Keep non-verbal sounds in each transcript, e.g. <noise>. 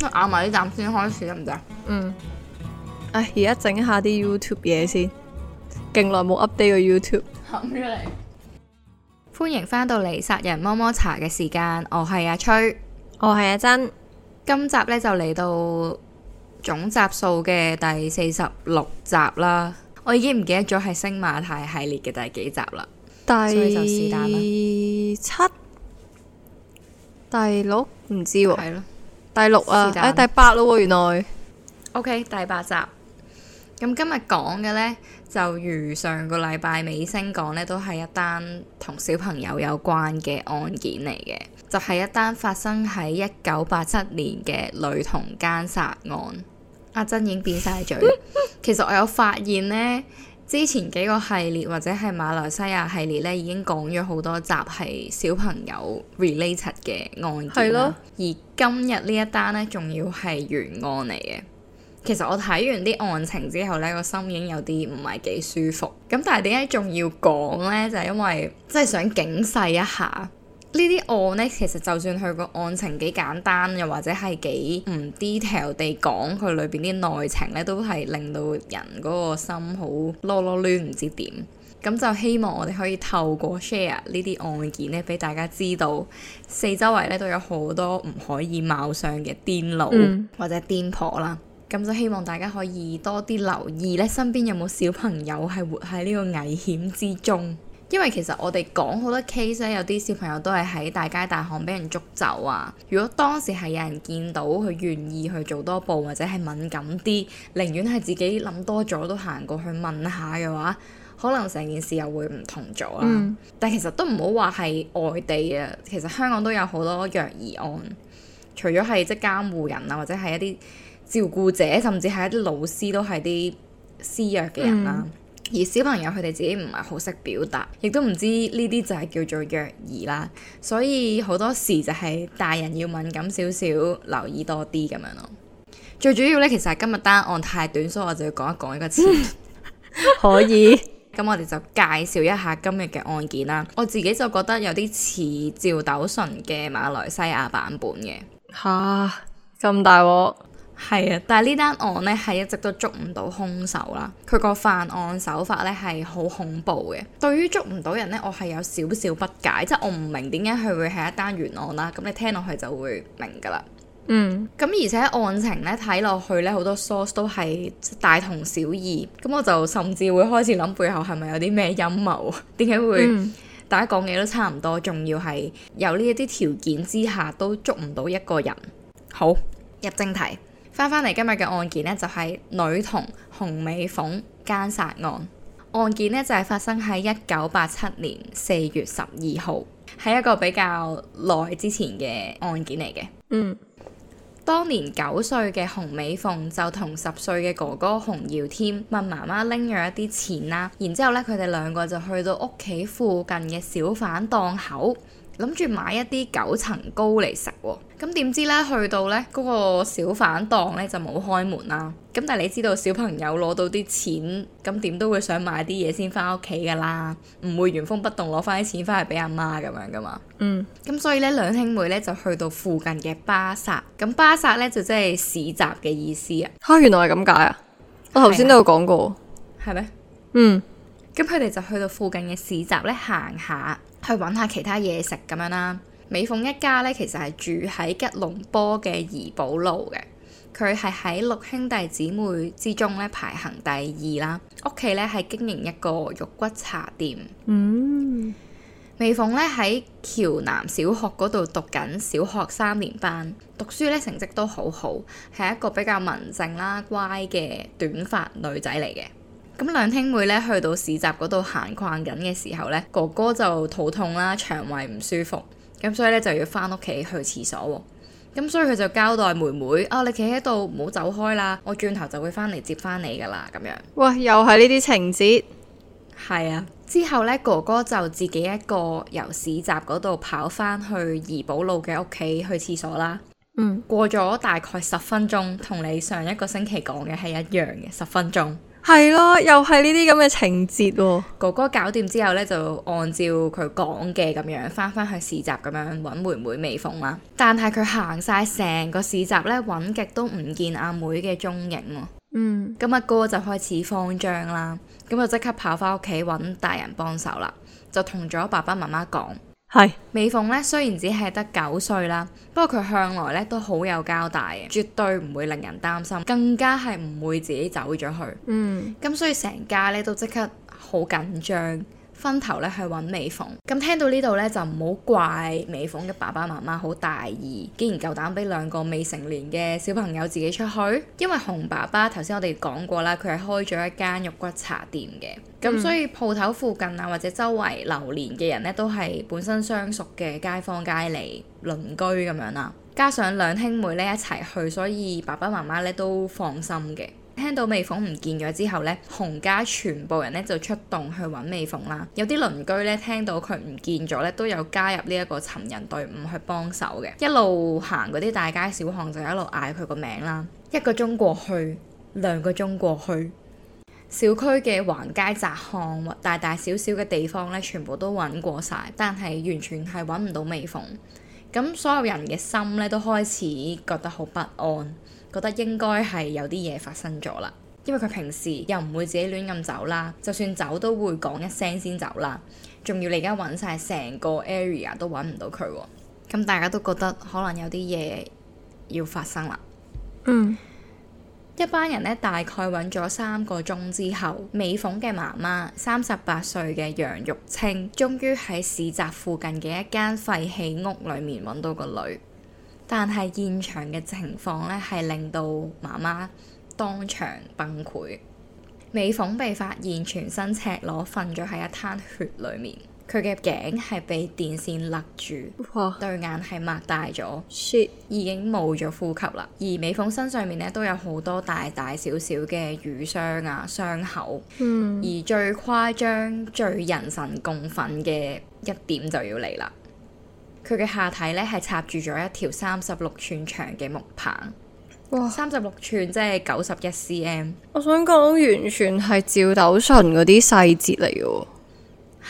咬埋呢站先開始，得唔得？嗯。唉、哎，而家整下啲 YouTube 嘢先，勁耐冇 update 個 YouTube。咁樣嚟，歡迎返到嚟殺人摸摸茶嘅時間。我係阿崔，我係阿珍。今集呢就嚟到總集數嘅第四十六集啦。我已經唔記得咗係星馬泰系列嘅第幾集啦。第七、第六，唔知喎、啊。第六啊，誒間，哎、第八咯原來，OK，第八集。咁今日講嘅呢，就如上個禮拜尾先聲講呢，都係一單同小朋友有關嘅案件嚟嘅，就係、是、一單發生喺一九八七年嘅女童奸殺案。阿、啊、珍已經變晒嘴了， <laughs> 其實我有發現呢。之前幾個系列或者係馬來西亞系列咧，已經講咗好多集係小朋友 related 嘅案件啦。的而今日呢一單咧，仲要係懸案嚟嘅。其實我睇完啲案情之後咧，個心已經有啲唔係幾舒服。咁但係點解仲要講咧？就係因為真係想警示一下。呢啲案呢，其實就算佢個案情幾簡單，又或者係幾唔 detail 地講佢裏邊啲內情呢，都係令到人嗰個心好囉囉攣，唔知點。咁就希望我哋可以透過 share 呢啲案件呢，俾大家知道四周圍呢都有好多唔可以貌相嘅癲佬或者癲婆啦。咁就希望大家可以多啲留意咧，身邊有冇小朋友係活喺呢個危險之中。因為其實我哋講好多 case 咧，有啲小朋友都係喺大街大巷俾人捉走啊。如果當時係有人見到佢願意去做多步，或者係敏感啲，寧願係自己諗多咗都行過去問下嘅話，可能成件事又會唔同咗啦。嗯、但其實都唔好話係外地啊，其實香港都有好多虐兒案。除咗係即係監護人啊，或者係一啲照顧者，甚至係一啲老師都係啲施虐嘅人啦。嗯而小朋友佢哋自己唔係好識表達，亦都唔知呢啲就係叫做虐兒啦，所以好多時就係大人要敏感少少，留意多啲咁樣咯。最主要呢，其實今日單案太短，所以我就要講一講一個詞，嗯。可以，咁 <laughs> <laughs> 我哋就介紹一下今日嘅案件啦。我自己就覺得有啲似趙斗淳嘅馬來西亞版本嘅。吓，咁大鑊！係啊，但係呢單案咧，係一直都捉唔到兇手啦。佢個犯案手法咧，係好恐怖嘅。對於捉唔到人咧，我係有少少不解，即係我唔明點解佢會係一單懸案啦。咁你聽落去就會明噶啦。嗯。咁而且案情咧，睇落去咧，好多 source 都係大同小異。咁我就甚至會開始諗背後係咪有啲咩陰謀？點解會、嗯、大家講嘢都差唔多，仲要係有呢一啲條件之下都捉唔到一個人。好，入正題。翻返嚟今日嘅案件呢，就係女童洪美鳳姦殺案。案件呢，就係發生喺一九八七年四月十二號，係一個比較耐之前嘅案件嚟嘅。嗯，當年九歲嘅洪美鳳就同十歲嘅哥哥洪耀添問媽媽拎咗一啲錢啦，然之後呢佢哋兩個就去到屋企附近嘅小販檔口，諗住買一啲九層糕嚟食。咁點知咧？去到呢嗰個小販檔呢，就冇開門啦。咁但係你知道小朋友攞到啲錢，咁點都會想買啲嘢先翻屋企噶啦，唔會原封不動攞翻啲錢翻去俾阿媽咁樣噶嘛。嗯。咁所以呢兩兄妹呢，就去到附近嘅巴薩。咁巴薩呢，就即係市集嘅意思啊。嚇，原來係咁解啊！我頭先都有講過。係咩？嗯。咁佢哋就去到附近嘅市集呢，行下，去揾下其他嘢食咁樣啦。美鳳一家咧，其實係住喺吉隆坡嘅怡保路嘅。佢係喺六兄弟姊妹之中咧排行第二啦。屋企咧係經營一個肉骨茶店。嗯，美鳳咧喺橋南小學嗰度讀緊小學三年班，讀書咧成績都好好，係一個比較文靜啦、乖嘅短髮女仔嚟嘅。咁兩兄妹咧去到市集嗰度閒逛緊嘅時候咧，哥哥就肚痛啦，腸胃唔舒服。咁所以咧就要翻屋企去廁所喎，咁所以佢就交代妹妹啊，你企喺度唔好走開啦，我轉頭就會翻嚟接翻你噶啦，咁樣。哇，又係呢啲情節。係啊，之後呢，哥哥就自己一個由市集嗰度跑翻去怡寶路嘅屋企去廁所啦。嗯。過咗大概十分鐘，同你上一個星期講嘅係一樣嘅十分鐘。係咯，又係呢啲咁嘅情節喎、哦。哥哥搞掂之後呢，就按照佢講嘅咁樣，翻返去市集咁樣揾妹妹美鳳啊。但係佢行晒成個市集咧，搵極都唔見阿妹嘅蹤影喎。嗯，咁阿哥就開始慌張啦，咁就即刻跑翻屋企揾大人幫手啦，就同咗爸爸媽媽講。係，美鳳咧雖然只係得九歲啦，不過佢向來咧都好有交代嘅，絕對唔會令人擔心，更加係唔會自己走咗去。嗯，咁所以成家咧都即刻好緊張，分頭咧去揾美鳳，咁聽到呢度呢，就唔好怪美鳳嘅爸爸媽媽好大意，竟然夠膽俾兩個未成年嘅小朋友自己出去。因為洪爸爸頭先我哋講過啦，佢係開咗一間肉骨茶店嘅，咁所以鋪頭、嗯、附近啊或者周圍流連嘅人呢，都係本身相熟嘅街坊街里鄰居咁樣啦，加上兩兄妹呢一齊去，所以爸爸媽媽呢都放心嘅。聽到美鳳唔見咗之後咧，洪家全部人咧就出動去揾美鳳啦。有啲鄰居咧聽到佢唔見咗咧，都有加入呢一個尋人隊伍去幫手嘅。一路行嗰啲大街小巷就一路嗌佢個名啦。一個鐘過去，兩個鐘過去，小區嘅橫街窄巷大大小小嘅地方咧，全部都揾過晒，但係完全係揾唔到美鳳。咁所有人嘅心咧都開始覺得好不安，覺得應該係有啲嘢發生咗啦。因為佢平時又唔會自己亂咁走啦，就算走都會講一聲先走啦。仲要你而家揾晒成個 area 都揾唔到佢喎，啊，咁大家都覺得可能有啲嘢要發生啦。嗯。一班人呢，大概揾咗三個鐘之後，美鳳嘅媽媽三十八歲嘅楊玉清，終於喺市集附近嘅一間廢棄屋裏面揾到個女。但係現場嘅情況呢，係令到媽媽當場崩潰。美鳳被發現全身赤裸，瞓咗喺一灘血裏面。佢嘅頸係被電線勒住，對哇眼係擘大咗，雪 Shit. 已經冇咗呼吸啦。而美鳳身上面咧都有好多大大小小嘅瘀傷啊、傷口。嗯，而最誇張、最人神共憤嘅一點就要嚟啦。佢嘅下體呢係插住咗一條三十六寸長嘅木棒，三十六寸即係九十一 cm。我想講完全係照鬥唇嗰啲細節嚟嘅，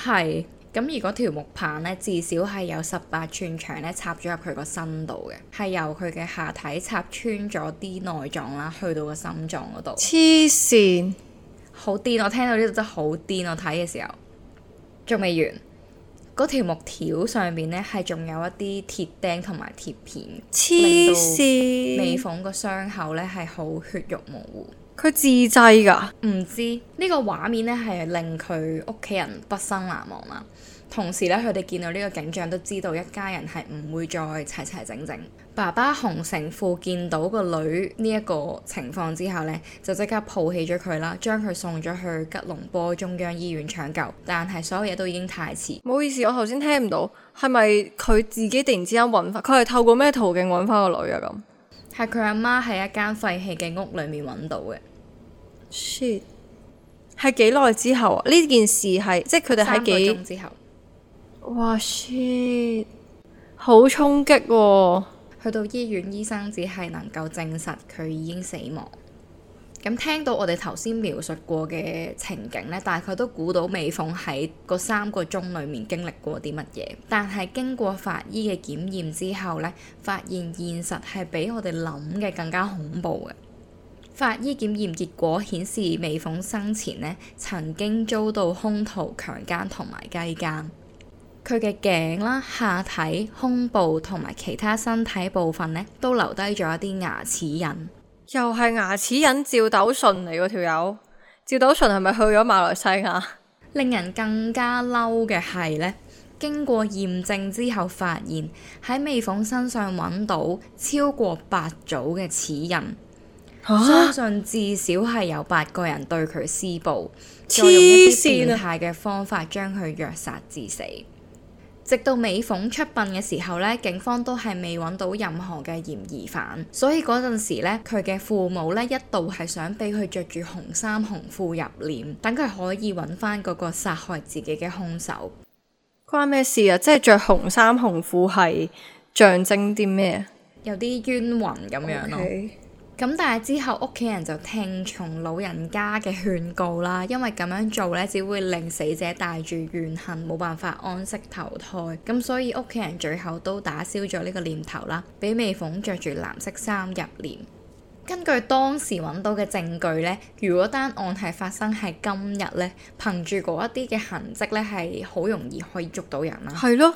係。咁而嗰條木棒咧，至少係有十八寸長咧，插咗入佢個身度嘅，係由佢嘅下體插穿咗啲內臟啦，去到個心臟嗰度。黐線，好癲！我聽到呢度真係好癲！我睇嘅時候仲未完，嗰條木條上面咧係仲有一啲鐵釘同埋鐵片。黐線，美鳳個傷口咧係好血肉模糊。佢自製噶，唔知呢個畫面呢，係令佢屋企人畢生難忘啦。同時呢，佢哋見到呢個景象，都知道一家人係唔會再齊齊整整。爸爸洪成富見到個女呢一個情況之後呢，就即刻抱起咗佢啦，將佢送咗去吉隆坡中央醫院搶救，但係所有嘢,都已經太遲。唔好意思，我頭先聽唔到，係咪佢自己突然之間揾翻？佢係透過咩途徑揾翻個女啊？咁？係佢阿媽喺一間廢棄嘅屋裏面揾到嘅。shit，係幾耐之後啊？呢件事係即係佢哋喺幾個鐘之後。哇 shit，好衝擊！去到醫院，醫生只係能夠證實佢已經死亡。咁聽到我哋頭先描述過嘅情景呢，大概都估到美鳳喺嗰三個鐘裏面經歷過啲乜嘢。但係經過法醫嘅檢驗之後呢，發現現實係比我哋諗嘅更加恐怖嘅。法醫檢驗結果顯示，美鳳生前咧曾經遭到兇徒強姦同埋雞奸，佢嘅頸啦、下體、胸部同埋其他身體部分呢，都留低咗一啲牙齒印。又係牙齒印趙斗順嚟喎，條友趙斗順係咪去咗馬來西亞？令人更加嬲嘅係呢經過驗證之後發現喺美鳳身上揾到超過八組嘅齒印，啊、相信至少係有八個人對佢施暴，再用一啲變態嘅方法將佢虐殺致死。直到美鳳出殯嘅時候咧，警方都係未揾到任何嘅嫌疑犯，所以嗰陣時咧，佢嘅父母咧一度係想俾佢着住紅衫紅褲入殮，等佢可以揾翻嗰個殺害自己嘅兇手。關咩事啊？即係着紅衫紅褲係象徵啲咩？有啲冤魂咁樣咯。Okay. 咁但係之後屋企人就聽從老人家嘅勸告啦，因為咁樣做咧只會令死者帶住怨恨，冇辦法安息投胎。咁所以屋企人最後都打消咗呢個念頭啦，俾美鳳着住藍色衫入殮。根據當時揾到嘅證據咧，如果單案係發生喺今日咧，憑住嗰一啲嘅痕跡咧，係好容易可以捉到人啦。係咯。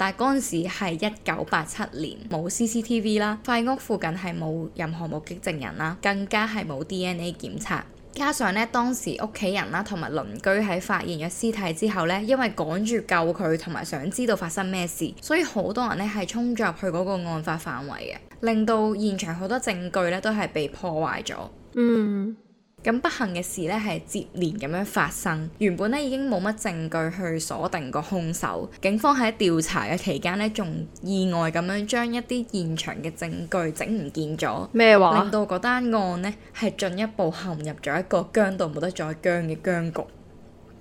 但嗰陣時係一九八七年，冇 CCTV 啦，廢屋附近係冇任何目擊證人啦，更加係冇 DNA 檢測。加上咧，當時屋企人啦同埋鄰居喺發現咗屍體之後咧，因為趕住救佢同埋想知道發生咩事，所以好多人咧係衝咗入去嗰個案發範圍嘅，令到現場好多證據咧都係被破壞咗。嗯。咁不幸嘅事咧，係接連咁樣發生。原本咧已經冇乜證據去鎖定個兇手，警方喺調查嘅期間呢，仲意外咁樣將一啲現場嘅證據整唔見咗。咩話？令到嗰單案呢係進一步陷入咗一個僵到冇得再僵嘅僵局。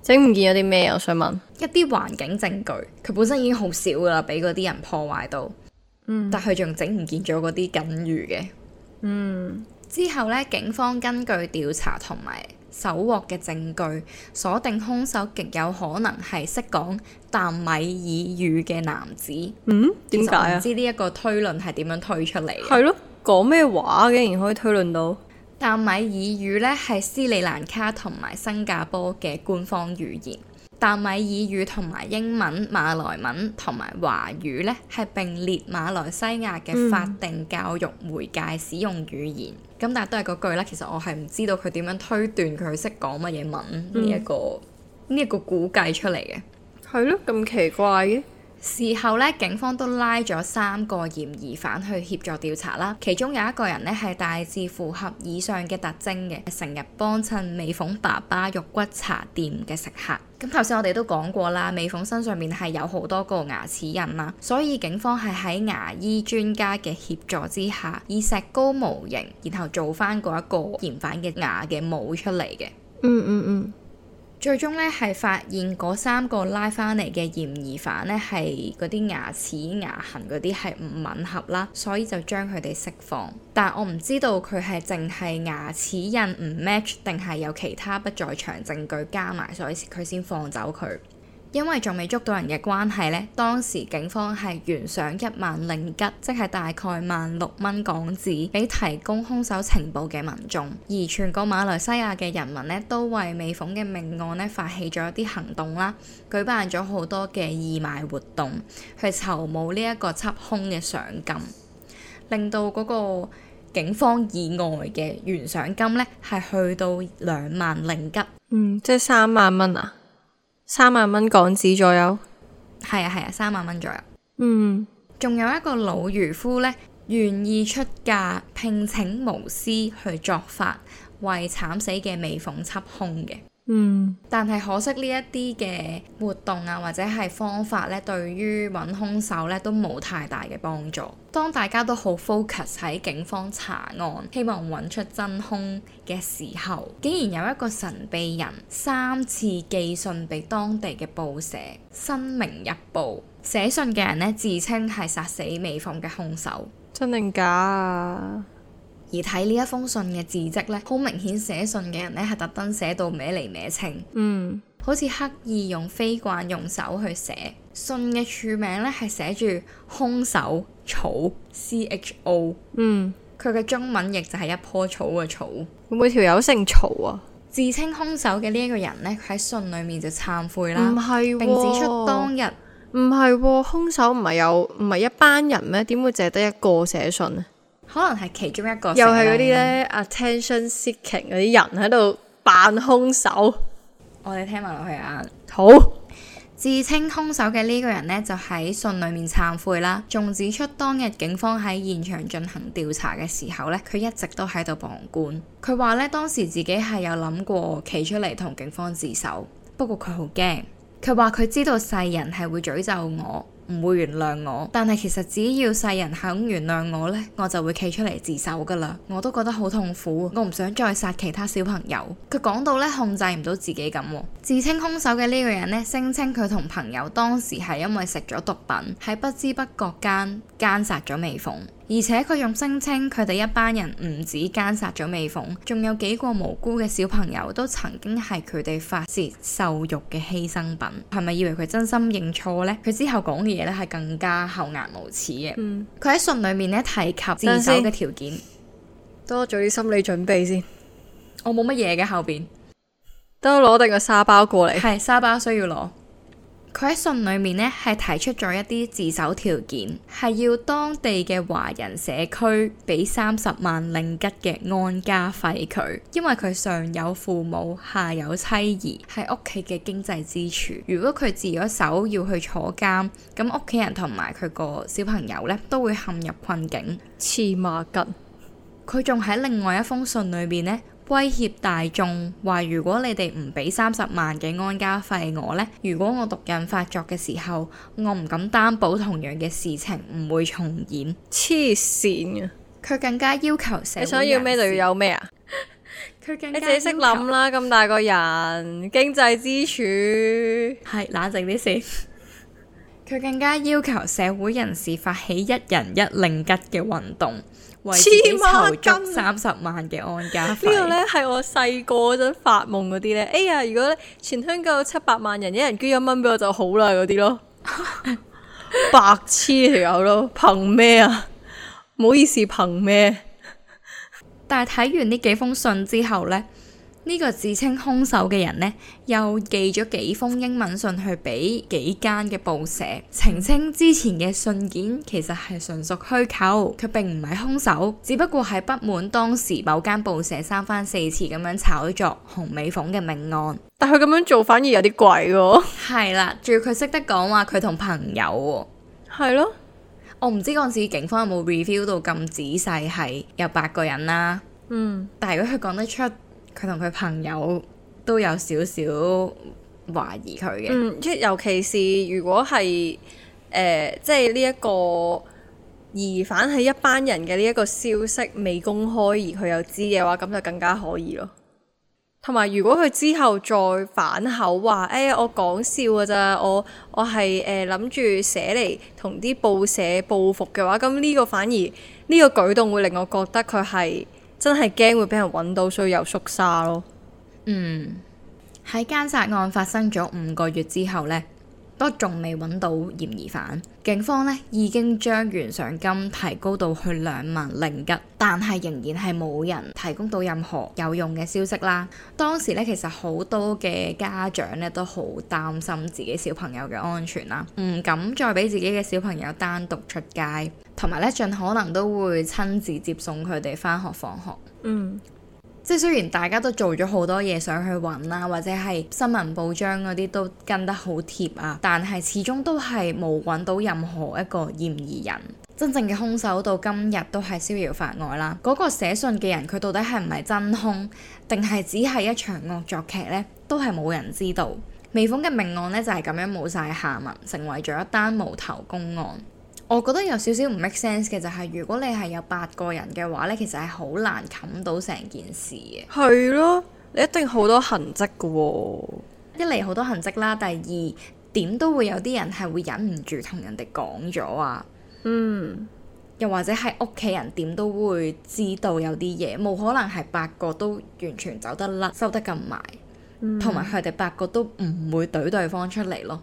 整唔見咗啲咩？我想問，一啲環境證據，佢本身已經好少噶啦，俾嗰啲人破壞到，但係佢仲整唔見咗嗰啲緊魚嘅。嗯。之後咧，警方根據調查同埋搜獲嘅證據，鎖定兇手極有可能係識講淡米爾語嘅男子。嗯，點解啊？唔知呢一個推論係點樣推出嚟？係咯，講咩話竟然可以推論到淡米爾語咧？係斯里蘭卡同埋新加坡嘅官方語言。淡米爾語同埋英文、馬來文同埋華語咧，係並列馬來西亞嘅法定教育媒介使用語言。嗯。咁但係都係嗰句啦，其實我係唔知道佢點樣推斷佢識講乜嘢文呢一個，嗯，呢一個估計出嚟嘅，係咯，咁奇怪嘅。事後咧，警方都拉咗三個嫌疑犯去協助調查啦。其中有一個人咧係大致符合以上嘅特徵嘅，成日幫襯美鳳爸爸肉骨茶店嘅食客。咁頭先我哋都講過啦，美鳳身上面係有好多個牙齒印啦，所以警方係喺牙醫專家嘅協助之下，以石膏模型然後做翻嗰一個嫌犯嘅牙嘅模出嚟嘅。嗯嗯嗯。最終咧係發現嗰三個拉翻嚟嘅嫌疑犯咧，係嗰啲牙齒牙痕嗰啲係唔吻合啦，所以就將佢哋釋放。但我唔知道佢係淨係牙齒印唔 match，定係有其他不在場證據加埋，所以佢先放走佢。因為仲未捉到人嘅關係呢，當時警方係懸賞一萬令吉，即係大概萬六蚊港紙，俾提供兇手情報嘅民眾。而全個馬來西亞嘅人民呢，都為美鳳嘅命案呢發起咗一啲行動啦，舉辦咗好多嘅義賣活動，去籌募呢一個緝兇嘅賞金，令到嗰個警方以外嘅懸賞金呢，係去到兩萬令吉。嗯，即係三萬蚊啊！三萬蚊港紙左右，係啊係啊，三萬蚊左右。嗯，仲有一個老漁夫呢，願意出價聘請巫師去作法，為慘死嘅美鳳緝兇嘅。嗯，但係可惜呢一啲嘅活動啊，或者係方法呢，對於揾兇手呢都冇太大嘅幫助。當大家都好 focus 喺警方查案，希望揾出真兇嘅時候，竟然有一個神秘人三次寄信俾當地嘅報社《新明日報》，寫信嘅人呢，自稱係殺死美鳳嘅兇手，真定假啊？而睇呢一封信嘅字跡呢，好明顯寫信嘅人呢，係特登寫到歪嚟歪稱，嗯，好似刻意用非慣用手去寫。信嘅署名呢，係寫住“兇手草 C H O”，嗯，佢嘅中文亦就係一棵草嘅草。會唔會條友姓曹啊！自稱兇手嘅呢一個人呢，佢喺信裏面就懺悔啦，唔係、哦，並指出當日唔係，兇、哦哦、手唔係有唔係一班人咩？點會淨係得一個寫信呢？可能係其中一個，又係嗰啲咧 attention seeking 嗰啲人喺度扮兇手。我哋聽埋落去啊！好，自稱兇手嘅呢個人呢，就喺信裏面懺悔啦，仲指出當日警方喺現場進行調查嘅時候呢，佢一直都喺度旁觀。佢話呢，當時自己係有諗過企出嚟同警方自首，不過佢好驚。佢話佢知道世人係會詛咒我。唔會原諒我，但係其實只要世人肯原諒我呢，我就會企出嚟自首噶啦。我都覺得好痛苦，我唔想再殺其他小朋友。佢講到呢，控制唔到自己咁。自稱兇手嘅呢個人呢，聲稱佢同朋友當時係因為食咗毒品，喺不知不覺間奸殺咗美鳳。而且佢仲聲稱佢哋一班人唔止姦殺咗美鳳，仲有幾個無辜嘅小朋友都曾經係佢哋發洩獸慾嘅犧牲品。係咪以為佢真心認錯呢？佢之後講嘅嘢咧係更加厚顏無恥嘅。佢喺信裏面咧提及自首嘅條件，多做啲心理準備先。我冇乜嘢嘅後邊，都攞定個沙包過嚟，係沙包需要攞。佢喺信裏面呢，係提出咗一啲自首條件，係要當地嘅華人社區俾三十萬令吉嘅安家費佢，因為佢上有父母，下有妻兒，係屋企嘅經濟支柱。如果佢自咗首要去坐監，咁屋企人同埋佢個小朋友呢，都會陷入困境。黐孖筋，佢仲喺另外一封信裏面呢。威脅大眾話：如果你哋唔俾三十萬嘅安家費我，呢，如果我毒癮發作嘅時候，我唔敢擔保同樣嘅事情唔會重演。黐線嘅，佢更加要求社會。你想要咩就要有咩啊！佢更加要求。你自己識諗啦，咁大個人，經濟支柱。係，冷靜啲先。佢更加要求社會人士發起一人一令吉嘅運動。為自己籌集三十萬嘅安家費呢個呢，係我細個嗰陣發夢嗰啲呢。哎呀，如果咧全香港有七百萬人，一人捐一蚊俾我就好啦，嗰啲咯， <laughs> 白痴嚟口咯，憑咩啊？唔好意思，憑咩？但係睇完呢幾封信之後呢。呢個自稱兇手嘅人呢，又寄咗幾封英文信去俾幾間嘅報社，澄清之前嘅信件其實係純屬虛構，佢並唔係兇手，只不過係不滿當時某間報社三番四次咁樣炒作洪美鳳嘅命案。但佢咁樣做反而有啲怪嘅。係啦，仲要佢識得講話，佢同朋友係咯。了我唔知嗰陣時警方有冇 review 到咁仔細，係有八個人啦。嗯，但係如果佢講得出。佢同佢朋友都有少少懷疑佢嘅，嗯，即尤其是如果係誒、呃，即係呢一個疑犯係一班人嘅呢一個消息未公開，而佢又知嘅話，咁就更加可疑咯。同埋如果佢之後再反口話誒、欸，我講笑噶咋，我我係誒諗住寫嚟，同啲報社報復嘅話，咁呢個反而呢，呢個舉動會令我覺得佢係。真係驚會俾人揾到，所以又縮沙咯。嗯，喺奸殺案發生咗五個月之後咧，都仲未揾到嫌疑犯，警方呢已經將懸賞金提高到去兩萬零吉，但係仍然係冇人提供到任何有用嘅消息啦。當時咧，其實好多嘅家長咧都好擔心自己小朋友嘅安全啦，啊，唔敢再俾自己嘅小朋友單獨出街，同埋咧盡可能都會親自接送佢哋翻學放學。學嗯。即係雖然大家都做咗好多嘢想去揾啦，或者係新聞報章嗰啲都跟得好貼啊，但係始終都係冇揾到任何一個嫌疑人，真正嘅兇手到今日都係逍遙法外啦。嗰個寫信嘅人佢到底係唔係真兇，定係只係一場惡作劇呢？都係冇人知道。美鳳嘅命案呢，就係咁樣冇晒下文，成為咗一單無頭公案。我覺得有少少唔 make sense 嘅就係、是、如果你係有八個人嘅話呢，其實係好難冚到成件事嘅。係咯，你一定好多痕跡嘅喎、哦。一嚟好多痕跡啦，第二點都會有啲人係會忍唔住同人哋講咗啊。嗯，又或者係屋企人點都會知道有啲嘢，冇可能係八個都完全走得甩、收得咁埋，同埋佢哋八個都唔會懟對，對方出嚟咯。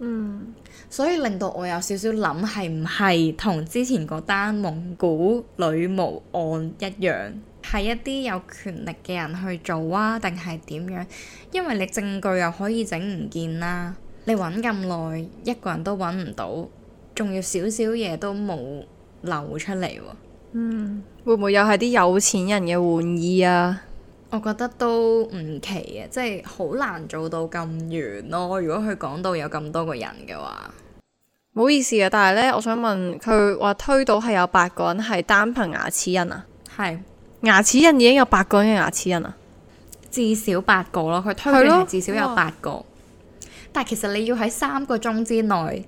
嗯。嗯。所以令到我有少少諗，係唔係同之前嗰單蒙古女巫案一樣，係一啲有權力嘅人去做啊？定係點樣？因為你證據又可以整唔見啦，你揾咁耐，一個人都揾唔到，仲要少少嘢都冇流出嚟，啊、嗯，會唔會又係啲有錢人嘅玩意啊？我覺得都唔奇啊，即係好難做到咁完咯。如果佢講到有咁多個人嘅話，唔好意思啊。但係呢，我想問佢話推到係有八個人係單憑牙齒印啊？係是牙齒印已經有八個人嘅牙齒印啊？至少八個咯，佢推到至少有八個。咯但係其實你要喺三個鐘之內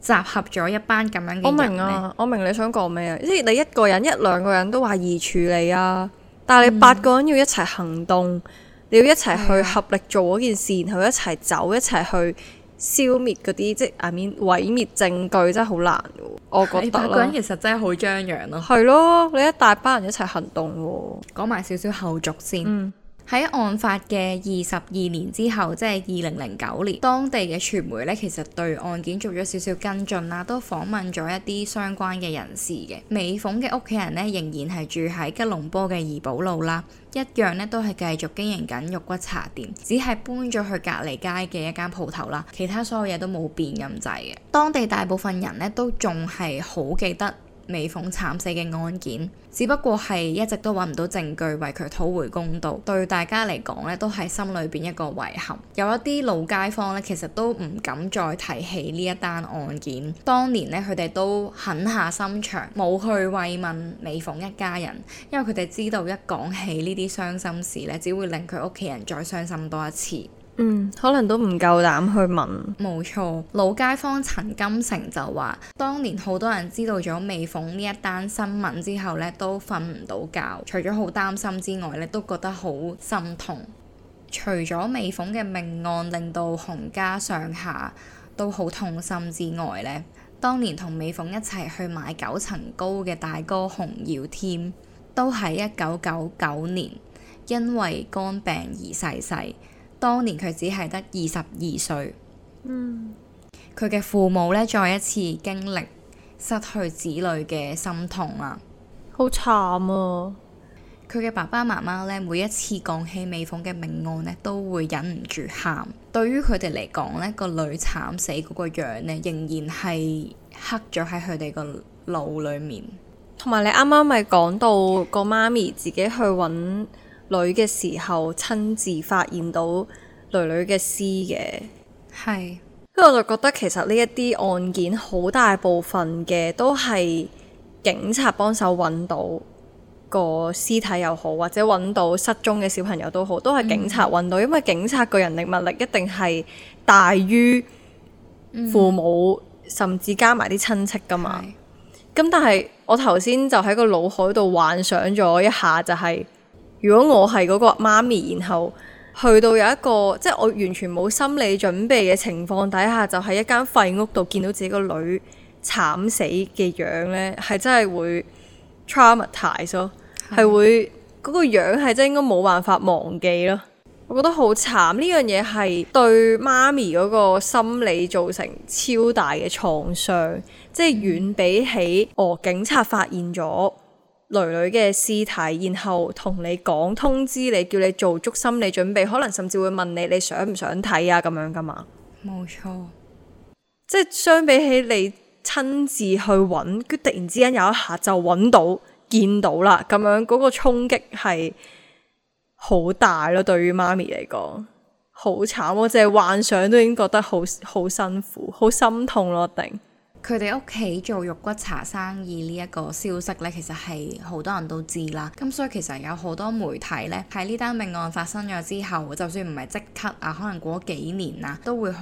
集合咗一班咁樣嘅人。我明啊，我明你想講咩啊？即係你一個人，一兩個人都話易處理啊？但係你八個人要一齊行動，嗯、你要一齊去合力做嗰件事，然後、嗯、一齊走，一齊去消滅嗰啲，即係 I mean 毀滅證據，真係好難噶。我覺得八個人其實真係好張揚咯。係咯，你一大班人一齊行動，啊，講埋少少後續先。嗯喺案發嘅二十二年之後，即係二零零九年，當地嘅傳媒呢其實對案件做咗少少跟進啦，都訪問咗一啲相關嘅人士嘅。美鳳嘅屋企人呢，仍然係住喺吉隆坡嘅怡保路啦，一樣呢，都係繼續經營緊肉骨茶店，只係搬咗去隔離街嘅一間鋪頭啦，其他所有嘢都冇變咁滯嘅。當地大部分人呢，都仲係好記得美鳳慘死嘅案件，只不過係一直都揾唔到證據為佢討回公道，對大家嚟講呢都係心裏邊一個遺憾。有一啲老街坊呢，其實都唔敢再提起呢一單案件。當年呢，佢哋都狠下心腸，冇去慰問美鳳一家人，因為佢哋知道一講起呢啲傷心事呢，只會令佢屋企人再傷心多一次。嗯，可能都唔夠膽去問。冇錯，老街坊陳金成就話，當年好多人知道咗美鳳呢一單新聞之後呢，都瞓唔到覺，除咗好擔心之外呢都覺得好心痛。除咗美鳳嘅命案令到洪家上下都好痛心之外呢，當年同美鳳一齊去買九層糕嘅大哥洪耀添，都喺一九九九年因為肝病而逝世，世。當年佢只係得二十二歲，佢嘅、嗯、父母咧，再一次經歷失去子女嘅心痛啊，好慘啊！佢嘅爸爸媽媽咧，每一次講起美鳳嘅命案咧，都會忍唔住喊。對於佢哋嚟講咧，個女慘死嗰個樣咧，仍然係刻咗喺佢哋個腦裏面。同埋你啱啱咪講到個媽咪自己去揾。女嘅時候親自發現到囡囡嘅屍嘅，係是，咁我就覺得其實呢一啲案件好大部分嘅都係警察幫手揾到個屍體又好，或者揾到失蹤嘅小朋友都好，都係警察揾到，嗯、因為警察個人力物力一定係大於父母，嗯、甚至加埋啲親戚噶嘛。咁是但係我頭先就喺個腦海度幻想咗一下，就係、是。如果我係嗰個媽咪，然後去到有一個即係我完全冇心理準備嘅情況底下，就喺一間廢屋度見到自己個女慘死嘅樣呢，係真係會 traumatize 咯的，係會嗰個樣係真應該冇辦法忘記咯。我覺得好慘，呢樣嘢係對媽咪嗰個心理造成超大嘅創傷，即係遠比起哦警察發現咗。女女嘅屍體，然後同你講通知你，叫你做足心理準備，可能甚至會問你你想唔想睇啊咁樣噶嘛？冇錯，即係相比起你親自去揾，佢突然之間有一下就揾到見到啦，咁樣嗰個衝擊係好大咯。對於媽咪嚟講，好慘，我淨係幻想都已經覺得好好辛苦，好心痛咯，一定。佢哋屋企做肉骨茶生意呢，一個消息呢，其實係好多人都知啦。咁所以其實有好多媒體呢，喺呢單命案發生咗之後，就算唔係即刻啊，可能過幾年啊，都會去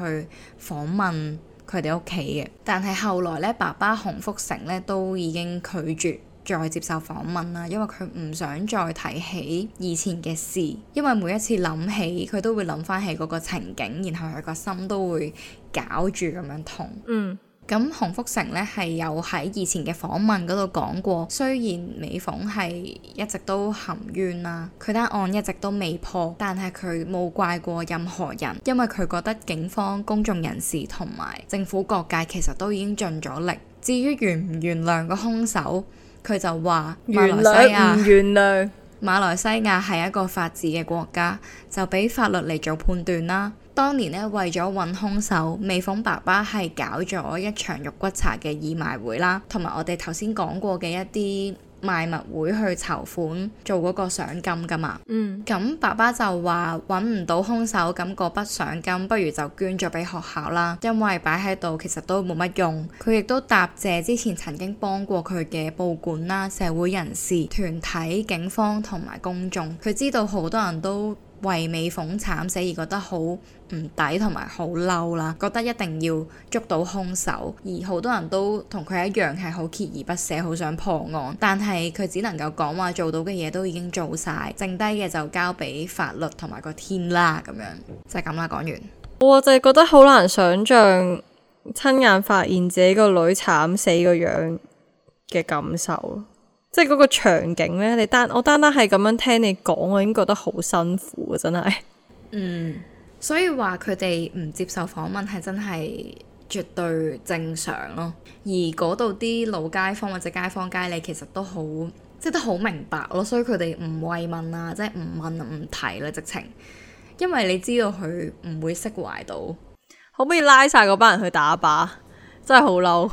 訪問佢哋屋企嘅。但係後來呢，爸爸洪福成呢，都已經拒絕再接受訪問啦，因為佢唔想再提起以前嘅事，因為每一次諗起佢都會諗翻起嗰個情景，然後佢個心都會搞住咁樣痛。嗯。咁洪福成咧係有喺以前嘅訪問嗰度講過，雖然美鳳係一直都含冤啦、啊，佢單案一直都未破，但係佢冇怪過任何人，因為佢覺得警方、公眾人士同埋政府各界其實都已經盡咗力。至於原唔原諒個兇手，佢就話：馬來西亞，原諒唔原諒？馬來西亞係一個法治嘅國家，就俾法律嚟做判斷啦。當年咧為咗揾兇手，美鳳爸爸係搞咗一場肉骨茶嘅義賣會啦，同埋我哋頭先講過嘅一啲賣物會去籌款做嗰個賞金噶嘛。嗯，咁爸爸就話揾唔到兇手，咁嗰筆賞金不如就捐咗俾學校啦，因為擺喺度其實都冇乜用。佢亦都答謝之前曾經幫過佢嘅報館啦、社會人士、團體、警方同埋公眾，佢知道好多人都為美鳳慘死而覺得好唔抵同埋好嬲啦，覺得一定要捉到兇手，而好多人都同佢一樣係好鍥而不捨，好想破案，但係佢只能夠講話做到嘅嘢，都已經做晒，剩低嘅就交俾法律同埋個天啦，咁樣就係咁啦。講完，我就係覺得好難想象親眼發現自己個女慘死個樣嘅感受。即係嗰個場景咧，你單我單單係咁樣聽你講，我已經覺得好辛苦啊！真係，嗯，所以話佢哋唔接受訪問係真係絕對正常咯。而嗰度啲老街坊或者街坊街里其實都好即係都好明白咯。所以佢哋唔慰問啊，即係唔問唔、啊、提啦、啊，直情。因為你知道佢唔會釋懷到，可唔可以拉晒嗰班人去打靶？真係好嬲！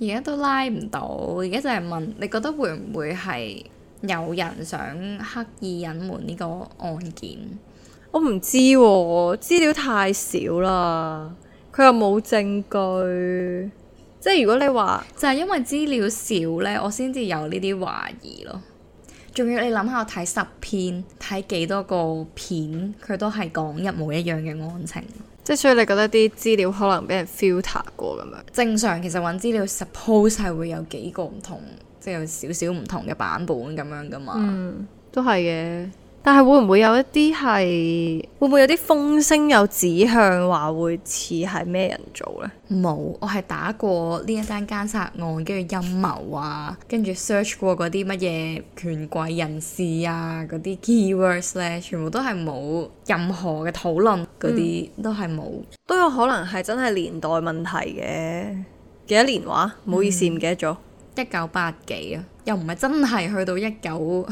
而家都拉唔到，而家就係問你覺得會唔會係有人想刻意隱瞞呢個案件？我唔知喎，啊，資料太少啦，佢又冇證據。即係如果你話，就係因為資料少咧，我先至有呢啲懷疑咯。仲要你諗下，我睇十篇，睇幾多個片，佢都係講一模一樣嘅案情。即係，所以你覺得啲資料可能俾人 filter 過咁樣？正常其實揾資料 suppose 係會有幾個唔同，即係有少少唔同嘅版本咁樣噶嘛？嗯，都係嘅。但係會唔會有一啲係會唔會有啲風聲有指向話會似係咩人做呢？冇，我係打過呢一單姦殺案跟住陰謀啊，跟住 search 過嗰啲乜嘢權貴人士啊嗰啲 keywords 咧，全部都係冇任何嘅討論，嗰啲、嗯、都係冇，都有可能係真係年代問題嘅幾多年話，唔、嗯、好意思唔記得咗、嗯、一九八幾啊。又唔係真係去到一九五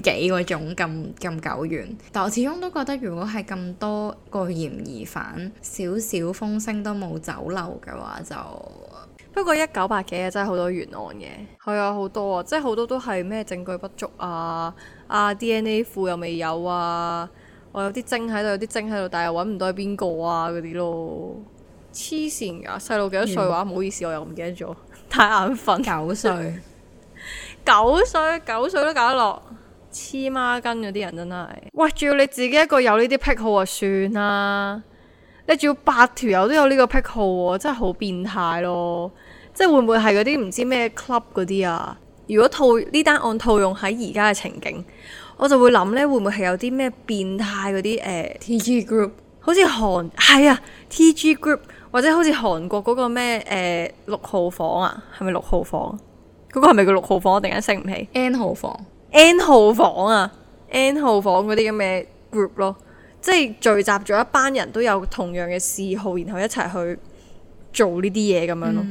幾嗰種咁咁久遠，但我始終都覺得，如果係咁多個嫌疑犯，少少風聲都冇走漏嘅話就，就不過一九八幾嘅真係好多懸案嘅。係啊，好多啊，即係好多都係咩證據不足啊，啊 DNA 庫又未有啊，我有啲精喺度，有啲精喺度，但係又揾唔到係邊個啊嗰啲咯。黐線㗎，細路幾多歲話啊？唔、嗯、好意思，我又唔記得咗，太眼瞓。九歲。 <laughs> 九歲九歲都搞得落黐孖筋嗰啲人真係，喂，仲要你自己一個有呢啲癖好 c 啊算啦，你仲要八條友都有呢個癖好 c 真係好變態咯！即係會唔會係嗰啲唔知咩 club 嗰啲啊？如果套呢單案套用喺而家嘅情景，我就會諗呢會唔會係有啲咩變態嗰啲誒？T G group 好似韓係啊，T G group 或者好似韓國嗰個咩誒六號房啊，係咪六號房？嗰個係咪叫六號房？我突然間醒唔起 N N、啊。N 號房，N 號房啊，N 號房嗰啲咁嘅 group 咯，即係聚集咗一班人都有同樣嘅嗜好，然後一齊去做呢啲嘢咁樣咯。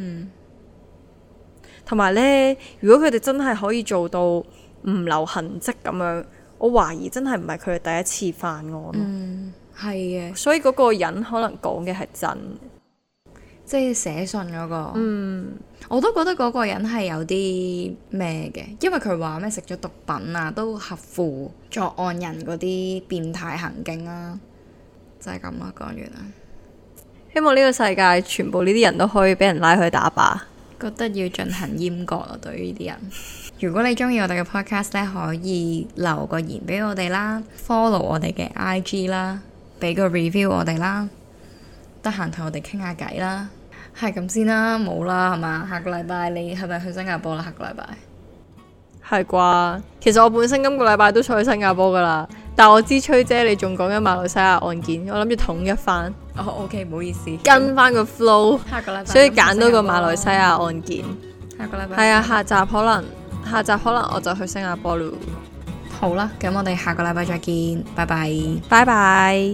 同埋、嗯、呢，如果佢哋真係可以做到唔留痕跡咁樣，我懷疑真係唔係佢哋第一次犯案咯。係嘅、嗯，所以嗰個人可能講嘅係真。即係寫信嗰個，嗯，我都覺得嗰個人係有啲咩嘅，因為佢話咩食咗毒品啊，都合乎作案人嗰啲變態行徑啦。就係咁啦，講完啦。希望呢個世界全部呢啲人都可以俾人拉去打靶。覺得要進行閹割啊！對於呢啲人， <laughs> 如果你中意我哋嘅 podcast 咧，可以留個言俾我哋啦，follow 我哋嘅 IG 啦，俾個 review 我哋啦，得閒同我哋傾下偈啦。係咁先啦，冇啦，係嘛？下個禮拜你係咪去新加坡啦？下個禮拜係啩？其實我本身今個禮拜都坐去新加坡噶啦，但我知崔姐你仲講緊馬來西亞案件，我諗住統一翻。哦，OK，唔好意思，跟翻個 flow、嗯。下個禮拜，所以揀到個馬來西亞案件。下個禮拜係啊，下集可能下集可能我就去新加坡咯。好啦，咁我哋下個禮拜再見，拜拜，拜拜。